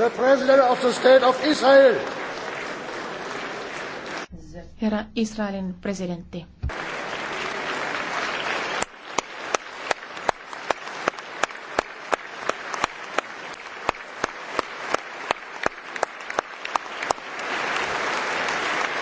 the President of the State of Israel. Herra Israelin presidentti.